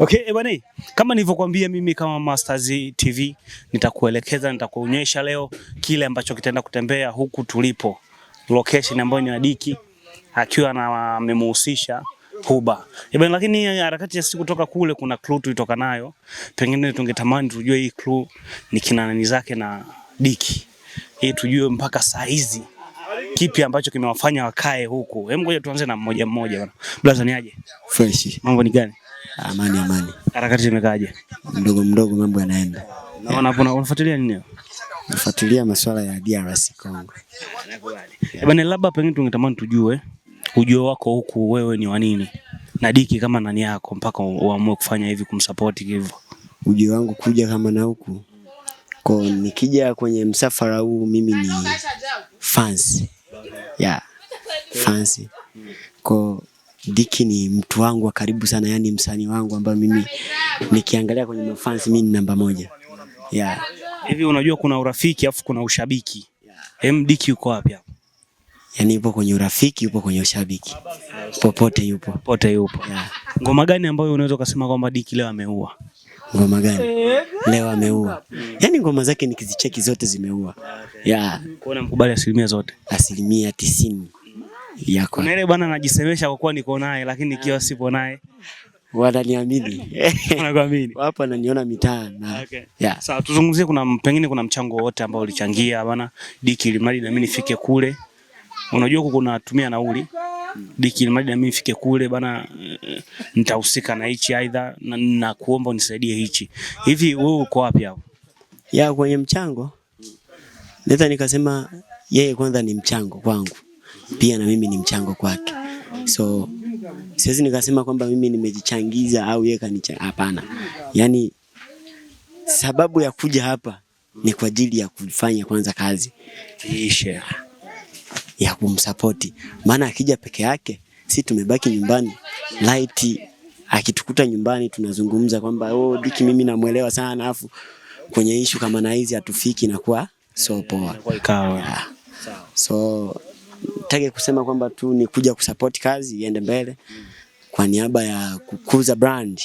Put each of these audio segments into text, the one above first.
Okay, eh bwana, kama nilivyokuambia mimi kama Mastaz TV nitakuelekeza, nitakuonyesha leo kile ambacho kitaenda kutembea huku tulipo. Location ambayo ni Adiki akiwa na amemhusisha Huba. Eh bwana, lakini harakati ya siku kutoka kule kuna clue tulitoka nayo. Pengine tungetamani tujue hii clue ni kina nani zake na Diki. Hii eh, tujue mpaka saa hizi kipi ambacho kimewafanya wakae huku. Hebu ngoja tuanze na mmoja mmoja bwana. Blaza aje? Fresh. Mambo ni gani? Amani amani. Harakati zimekaaje? Mdogo mdogo mambo yanaenda. Naona hapo unafuatilia nini? Nafuatilia masuala ya DRC Congo. Eh, bwana labda pengine tungetamani tujue ujio wako huku wewe ni wa nini? Na Diki kama nani yako mpaka uamue kufanya hivi kumsupport hivyo. Ujio wangu kuja kama na huku. Kwa nikija kwenye msafara huu mimi ni fans. Yeah. Fans. Kwa Diki ni mtu wangu wa karibu sana, yani msanii wangu ambaye mimi nikiangalia kwenye mafans mimi ni namba moja. Yeah. Hivi unajua kuna urafiki afu kuna ushabiki. M Diki yuko wapi hapo? Yani yupo kwenye urafiki, yupo kwenye ushabiki. Popote yupo. Popote yupo. Yeah. Ngoma gani ambayo unaweza kusema kwamba Diki leo ameua? Ngoma gani? Leo ameua. Yaani ngoma zake nikizicheki zote zimeua. Yeah. Kuona mkubali asilimia zote. Asilimia tisini yako. Na ile bwana anajisemesha kwa kuwa niko naye, lakini nikiwa ah. sipo naye wananiamini wanakuamini, wapo wananiona mitaa na okay. Yeah. Sawa, tuzungumzie, kuna pengine kuna mchango wote ambao ulichangia bwana Diki Limadi na mimi nifike kule. Unajua huko kuna tumia nauli Diki Limadi na mimi nifike kule bwana, eh, nitahusika na hichi aidha, na, na kuomba unisaidie hichi hivi. Wewe uko wapi hapo ya kwenye mchango? Leta nikasema yeye kwanza ni mchango kwangu pia na mimi ni mchango kwake. So siwezi nikasema kwamba mimi nimejichangiza au yeye kanichangia, hapana. Yani sababu ya kuja hapa ni kwa ajili ya kufanya kwanza kazi ishe ya kumsapoti, maana akija peke yake si tumebaki nyumbani light, akitukuta nyumbani tunazungumza kwamba oh, Diki mimi namwelewa sana, afu kwenye ishu kama na hizi hatufiki, inakuwa so poa. So nitake kusema kwamba tu ni kuja kusupport kazi iende mbele kwa niaba ya kukuza brand,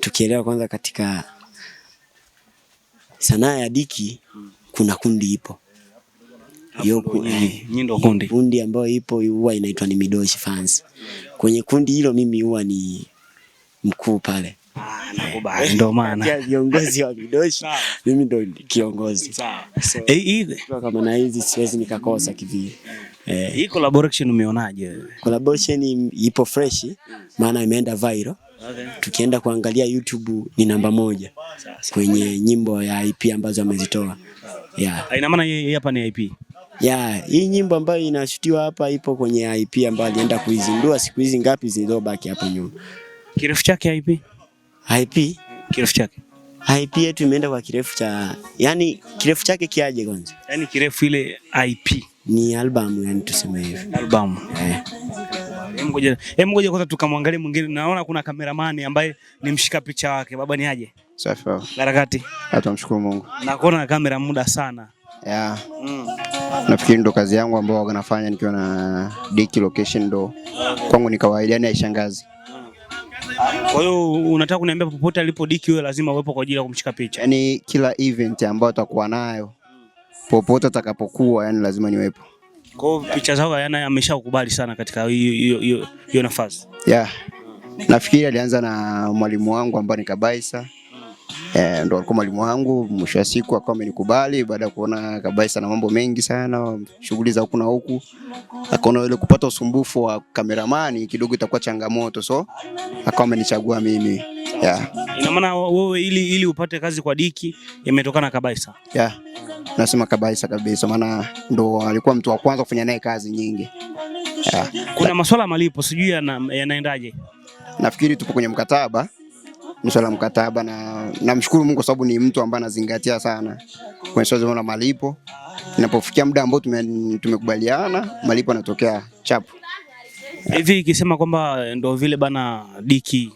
tukielewa kwanza katika sanaa ya diki kuna kundi ipo hiyo nyindo kundi, kundi ambayo ipo huwa inaitwa ni Midoshi Fans. Kwenye kundi hilo mimi huwa ni mkuu pale, ndio maana viongozi wa Midoshi mimi ndio kiongozi. Sawa, so, hey, eh, kama na hizi siwezi nikakosa kivile. Eh, hii collaboration umeonaje Collaboration ipo fresh maana imeenda viral. Okay. Tukienda kuangalia YouTube ni namba moja kwenye nyimbo ya IP ambazo amezitoa. Yeah. Ah, ina maana hii hapa ni IP. Yeah, hii nyimbo ambayo inashutiwa hapa ipo kwenye IP ambayo alienda kuizindua siku hizi ngapi zilizobaki hapo nyuma. Kirefu chake IP? IP? Kirefu chake. IP yetu imeenda kwa kirefu cha yani, kirefu chake kiaje kwanza? Yani kirefu ile IP ni album, yani tuseme hivi album. eh. Hebu ngoja kwanza tukamwangalie mwingine. Naona kuna kameramani ambaye ni mshika picha wake. Baba ni aje? Safi baba. Barakati. Atamshukuru Mungu. Nakuona kamera muda sana. Yeah. Mm. Nafikiri ndo kazi yangu ambayo wanafanya nikiwa na Diki location ndo kwangu ni kawaida, ni haishangazi. Kwa hiyo unataka kuniambia popote alipo Diki wewe lazima uwepo kwa ajili ya kumshika picha? Yaani kila event ambayo atakuwa nayo popote atakapokuwa, yani lazima niwepo. Kwa hiyo picha zao yana ameshakubali sana katika hiyo nafasi. Yeah. Nafikiri alianza na mwalimu wangu ambaye ni Kabaisa. E, ndo alikuwa mwalimu wangu. Mwisho wa siku akawa amenikubali baada ya kuona kabisa na mambo mengi sana, shughuli za huku na huku, akaona ile kupata usumbufu wa kameramani kidogo itakuwa changamoto, so akawa amenichagua mimi yeah. Ina maana wewe ili, ili upate kazi kwa Diki imetokana kabisa yeah. Nasema kabisa kabisa, maana ndo alikuwa mtu wa kwanza kufanya naye kazi nyingi yeah. Kuna masuala malipo sijui yanaendaje, na, ya nafikiri tupo kwenye mkataba mswala mkataba, na namshukuru Mungu kwa sababu ni mtu ambaye anazingatia sana kwenye swala la malipo. Inapofikia muda ambao tumekubaliana, malipo yanatokea chapu hivi ikisema kwamba ndio vile bana Diki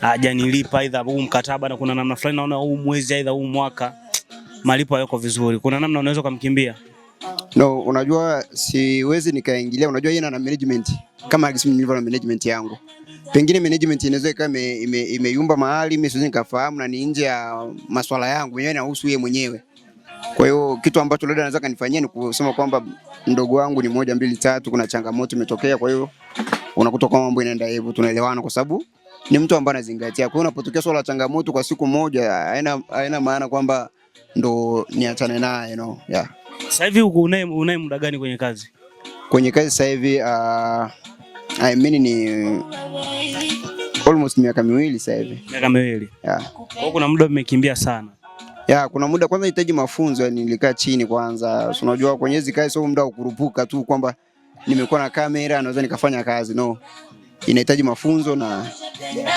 hajanilipa aidha huu mkataba, na kuna namna fulani naona huu mwezi aidha huu mwaka malipo hayako vizuri, kuna namna unaweza kumkimbia? No, unajua siwezi nikaingilia. Unajua yeye ana management kama nilivyo na management yangu pengine management inaweza ikawa ime, ime, imeyumba mahali mimi siwezi nikafahamu, na ni nje ya masuala yangu mwenyewe, nahusu yeye mwenyewe. Kwa hiyo kitu ambacho labda anaweza kanifanyia ni kusema kwamba mdogo wangu ni moja mbili tatu, kuna changamoto imetokea. Kwa hiyo unakuta kwa mambo inaenda hivyo, tunaelewana kwa sababu ni mtu ambaye anazingatia. Kwa hiyo unapotokea swala la changamoto kwa siku moja, haina haina maana kwamba ndo niachane naye, you know. Yeah. Sasa hivi unaye muda gani kwenye kazi? Kwenye kazi sasa hivi uh, I mean ni uh, almost miaka miwili sasa hivi. Miaka miwili. Yeah. Kwa kuna muda mmekimbia sana. Ya, kuna muda kwanza nahitaji mafunzo, nilikaa chini kwanza. Unajua kwenye hizo kazi sio muda ukurupuka tu kwamba nimekuwa na kamera naweza nikafanya kazi. No. Inahitaji mafunzo na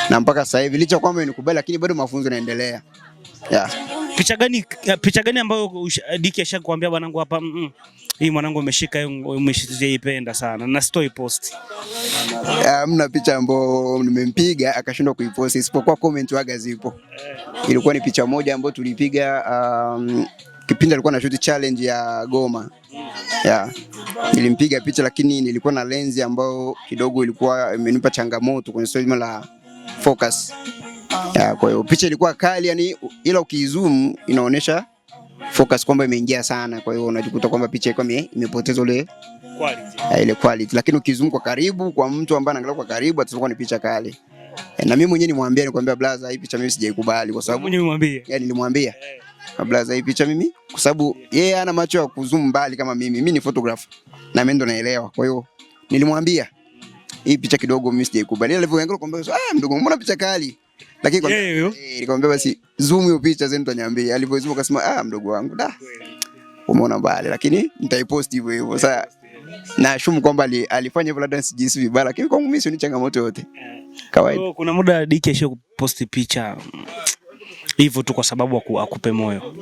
na mpaka sasa hivi licha kwamba inikubali lakini bado mafunzo yanaendelea. Yeah. Picha gani, picha gani ambayo Diki ashakwambia bwanangu hapa mm -mm hii mwanangu ameshika umeshaipenda sana na story post. Ah, hamna picha ambayo nimempiga akashindwa kuiposti isipokuwa comment waga zipo. Ilikuwa ni picha moja ambayo tulipiga um, kipindi alikuwa na shoot challenge ya Goma. Yeah. Nilimpiga picha lakini nilikuwa na lenzi ambayo kidogo ilikuwa imenipa changamoto kwenye swala la focus. Yeah, kwa hiyo picha ilikuwa kali yani, ila ukizoom inaonyesha focus kwamba imeingia sana, kwa hiyo unajikuta kwamba picha iko imepoteza ile quality, eh, ile quality. Lakini ukizoom kwa karibu, kwa mtu ambaye anaangalia kwa karibu, atakuwa ni picha kali. Eh, na mimi mwenyewe nimwambia, nikwambia blaza, hii picha mimi sijaikubali, kwa sababu mwenyewe nimwambia, yani eh, nilimwambia ah, blaza, hii picha mimi, kwa sababu yeye ana macho ya kuzoom mbali kama mimi. Mimi ni photographer na mimi ndo naelewa, kwa hiyo nilimwambia hii picha kidogo mimi sijaikubali, alivyoangalia kwamba ah, mdogo, mbona picha kali lakini nikamwambia basi zoom hiyo picha zenu tanyambia. Alipozoom akasema ah, mdogo wangu da. Umeona mbali, lakini nitaipost hivyo hivyo. Sasa na shumu kwamba alifanya hivyo labda sijisi vibaya, lakini kwangu mimi sio ni changamoto yote. Kawaida. Kuna muda DK ashio kuposti picha mm, hivyo tu kwa sababu akupe moyo.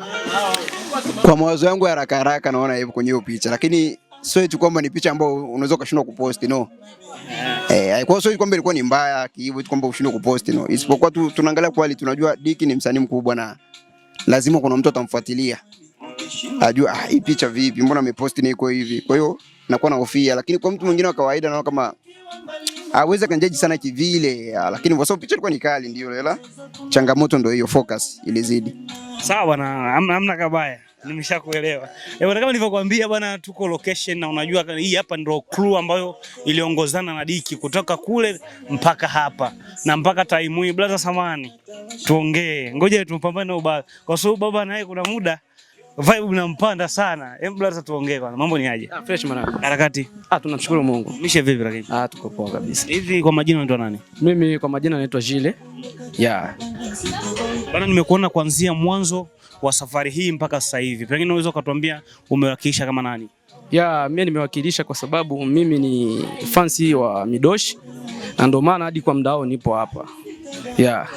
Kwa mawazo yangu ya haraka haraka naona hivyo kwenye hiyo picha, lakini sio eti kwamba ni picha ambayo unaweza ukashindwa kuposti no. Eh, kwa hiyo kwamba ilikuwa ni mbaya hivyo kwamba ushindwe kupost no. Isipokuwa tu tunaangalia kweli, tunajua Diki ni msanii mkubwa na lazima kuna mtu atamfuatilia. Ajua ah, hii picha vipi? Mbona amepost ni iko hivi? Kwa hiyo nakuwa na hofia, lakini kwa mtu mwingine wa kawaida naona kama aweza kanjaji sana kivile, ah, lakini kwa sababu picha ilikuwa ni kali ndio, lela. changamoto ndio hiyo, focus ilizidi. Sawa na amna kabaya. Nimeshakuelewa. Eh, Kama nilivyokuambia bwana, tuko location na unajua hii hapa ndio crew ambayo iliongozana na Diki kutoka kule mpaka hapa na mpaka time hii. Brother samani, tuongee, ngoja tupambane na baba, kwa sababu baba naye kuna muda vibe inampanda sana. Hebu brother, tuongee kwanza, mambo ni aje? Ah, fresh mwanangu. Harakati. Ah, tunamshukuru Mungu. Mishe vipi lakini? Ah, tuko poa kabisa. Hivi kwa majina unaitwa nani? Mimi kwa majina naitwa Jile. Yeah. Bana, nimekuona kuanzia mwanzo wa safari hii mpaka sasa hivi, pengine unaweza ukatuambia umewakilisha kama nani? Ya, mimi nimewakilisha kwa sababu mimi ni fansi wa Midoshi na ndio maana hadi kwa mdao nipo hapa. Ya.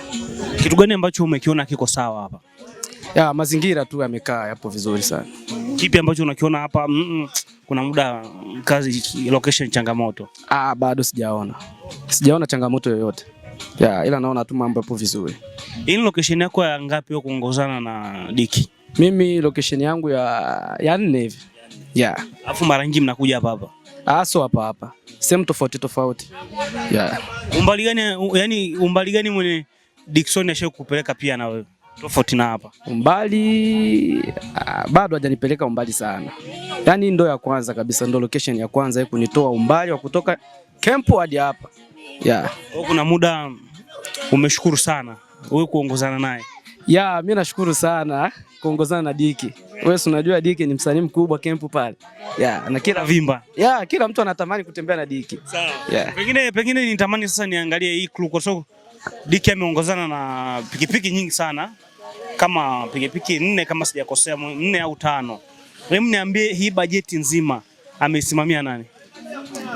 Kitu gani ambacho umekiona kiko sawa hapa? Ya, mazingira tu yamekaa yapo vizuri sana. Kipi ambacho unakiona hapa? Mm -mm, kuna muda kazi location changamoto. Ah, bado sijaona. Sijaona changamoto yoyote. Yeah, ila naona tu mambo yapo vizuri. Hii location yako ya ngapi wewe kuongozana na Diki? Mimi location yangu ya ya nne hivi. Yeah. Alafu mara nyingi mnakuja hapa hapa. Ah, so hapa hapa. Sehemu tofauti tofauti. Yeah. Umbali gani yani umbali gani mwenye Dickson ashakupeleka pia na wewe? Tofauti na hapa. Umbali ah, bado hajanipeleka umbali sana. Yaani ndo ya kwanza kabisa ndo location ya kwanza kunitoa umbali wa kutoka camp hadi hapa. Yeah. Kuna muda umeshukuru sana wewe kuongozana naye. Yeah, mimi nashukuru sana kuongozana na Diki. Wewe unajua Diki ni msanii mkubwa kempu pale. Yeah, na kila vimba. Yeah, kila mtu anatamani kutembea na Diki. Sawa. Yeah. Pengine pengine nitamani sasa niangalie hii crew kwa sababu Diki ameongozana na pikipiki nyingi sana kama pikipiki nne kama sijakosea nne au tano. Hebu niambie hii bajeti nzima ameisimamia nani?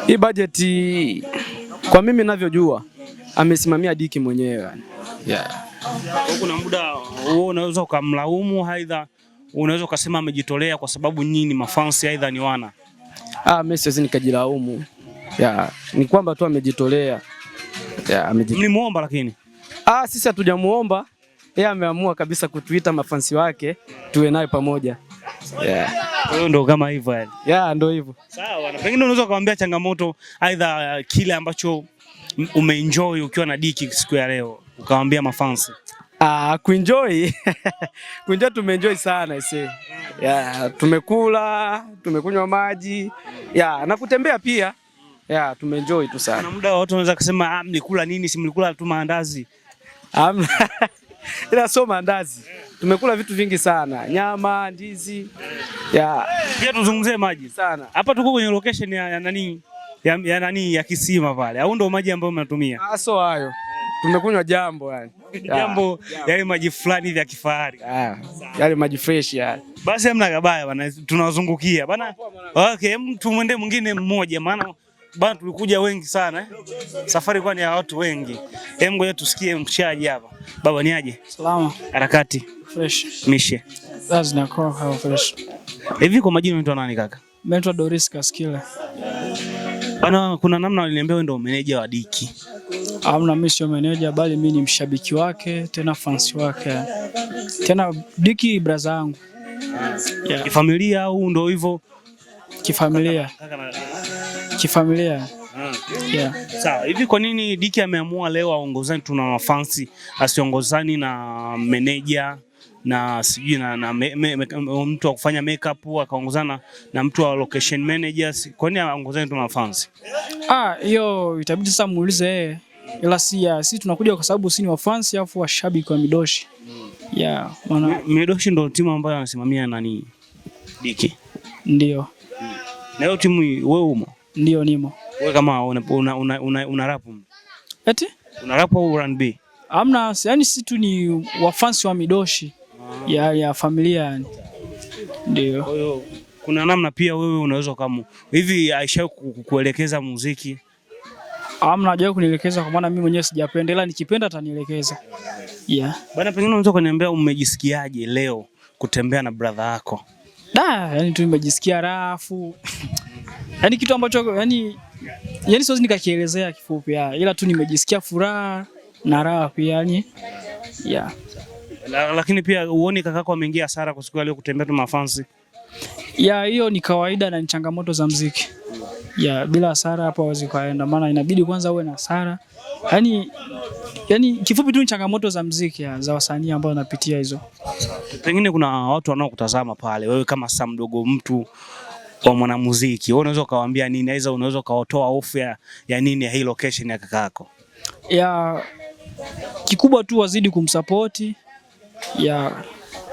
Hii bajeti kwa mimi navyojua amesimamia Diki mwenyewe yani. Yeah. Kuna muda wewe unaweza ukamlaumu, aidha unaweza ukasema amejitolea kwa sababu nyinyi mafansi, aidha ni wana. Ah, mimi siwezi nikajilaumu. Yeah. Ni kwamba tu amejitolea. Yeah, amejitolea. Mlimuomba lakini? Ah, sisi hatujamuomba. Yeye ameamua kabisa kutuita mafansi wake tuwe naye pamoja. Yeah hiyo ndo kama hivyo yani. Yeah, ndo hivyo. Sawa, na pengine unaweza kuambia changamoto aidha uh, kile ambacho umeenjoy ukiwa na Diki siku ya leo ukawaambia mafansi. Ah, kuenjoy. Kuenjoy tumeenjoy sana ise. Yeah, tumekula, tumekunywa maji. Yeah, na kutembea pia. Yeah, tumeenjoy tu sana. Kuna muda watu wanaweza kusema ah, mlikula nini? Si mlikula tu maandazi. Amna. ila sio mandazi. Tumekula vitu vingi sana, nyama, ndizi ya pia. Tuzungumzie maji sana hapa, tuko kwenye location ya, ya nani ya, ya nani ya kisima pale, au ndo maji ambayo mnatumia? Ah, sio hayo tumekunywa jambo yani. Jambo yale maji fulani vya kifahari yale maji fresh ya. Basi hamna kabaya bana, tunawazungukia bana. Okay, mtu mwende mwingine mmoja maana bana, tulikuja wengi sana eh? Safari kwa ni ya watu wengi. Hem, ngoja tusikie mchaji hapa. Baba ni aje? Salama. Harakati. Fresh. Mishe. Lazima kwa hao fresh. Hivi kwa majina unaitwa nani kaka? Naitwa Doris Kaskila. Bana, kuna namna waliniambia wewe ndio meneja wa Diki. Hamna, mimi sio meneja bali mimi ni mshabiki wake tena fans wake. Tena Diki brother wangu. Yeah. Kifamilia au ndio hivyo? Kifamilia. Kaka, Kaka, kaka, kaka kifamilia hmm. yeah. Sawa, hivi kwa nini Diki ameamua leo aongozani tuna wafansi asiongozani na meneja na sijui na, na me, me, me, mtu wa kufanya makeup akaongozana na mtu wa location managers. Kwa nini aongozani tuna wafansi? Ah, hiyo itabidi sasa muulize yeye, ila si ah, si tunakuja kwa sababu si ni wafansi afu washabiki wa Midoshi hmm. yeah, wana... Midoshi ndio timu ambayo anasimamia nani Diki, ndio hmm. na hiyo timu wewe umo ndio nimo. Wewe kama una una una, una rap. Eti? Una rap au R&B? Amna, yani sisi tu ni wafansi wa midoshi ah, ya, ya familia yani. Ndio. Kwa hiyo kuna namna pia wewe unaweza kama hivi Aisha kukuelekeza muziki? Amna hajawahi kunielekeza kwa maana mimi mwenyewe sijapenda, ila nikipenda atanielekeza. Yeah. Bana, pengine unaweza kuniambia umejisikiaje leo kutembea na brother yako? Da, yani tu nimejisikia rafu yani kitu ambacho yani, yani siwezi nikakielezea kifupi, ila tu nimejisikia furaha na raha pia yani, yeah. La, lakini pia uoni kakako ameingia hasara kwa siku aliyokutembea tu mafansi ya hiyo ni kawaida na ni changamoto za mziki ya bila hasara hapo hawezi kaenda, maana inabidi kwanza uwe na hasara yani, yani kifupi tu ni changamoto za mziki ya, za wasanii ambao wanapitia hizo. Pengine kuna watu wanaokutazama pale, wewe kama sasa mdogo mtu kwa mwanamuziki, wewe unaweza ukawaambia nini? Aidha unaweza ukawatoa hofu ya, ya nini ya hii location ya kaka yako? Ya kikubwa tu wazidi kumsapoti ya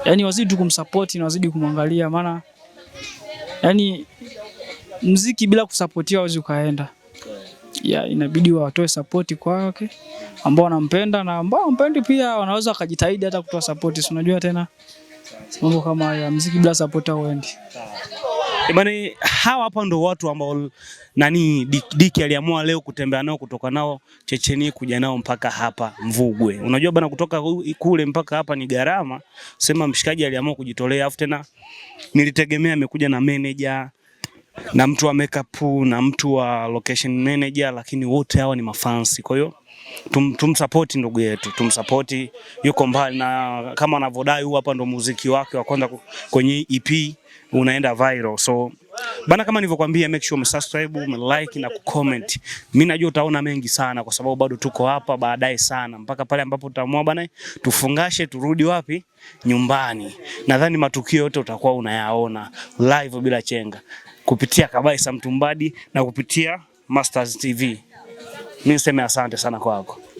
yani, wazidi tu kumsapoti na wazidi kumwangalia, maana yani mziki bila kusapotiwa hawezi ukaenda. Ya, inabidi watoe sapoti kwake ambao wanampenda na ambao wampendi pia, wanaweza wakajitahidi hata kutoa sapoti. Si unajua tena mambo kama ya mziki bila sapoti hauendi. Imani, hawa hapa ndio watu ambao nani Diki aliamua leo kutembea nao kutoka nao Checheni kuja nao mpaka hapa Mvugwe. Unajua bana, kutoka kule mpaka hapa ni gharama. Sema mshikaji aliamua kujitolea, afu tena nilitegemea amekuja na manager na mtu wa makeup na mtu wa location manager, lakini wote hawa ni mafansi. Kwa hiyo tum, tumsupport ndugu yetu, tumsupport, yuko mbali na kama anavyodai, huu hapa ndo muziki wake wa kwanza kwenye EP unaenda viral. So bana, kama nilivyokuambia, make sure umsubscribe, umelike na kucomment. Mimi najua utaona mengi sana, kwa sababu bado tuko hapa baadaye sana, mpaka pale ambapo tutaamua bana, tufungashe turudi wapi, nyumbani. Nadhani matukio yote utakuwa unayaona live bila chenga kupitia Kabaisa Mtumbadi na kupitia Mastaz TV. Mimi niseme asante sana kwako.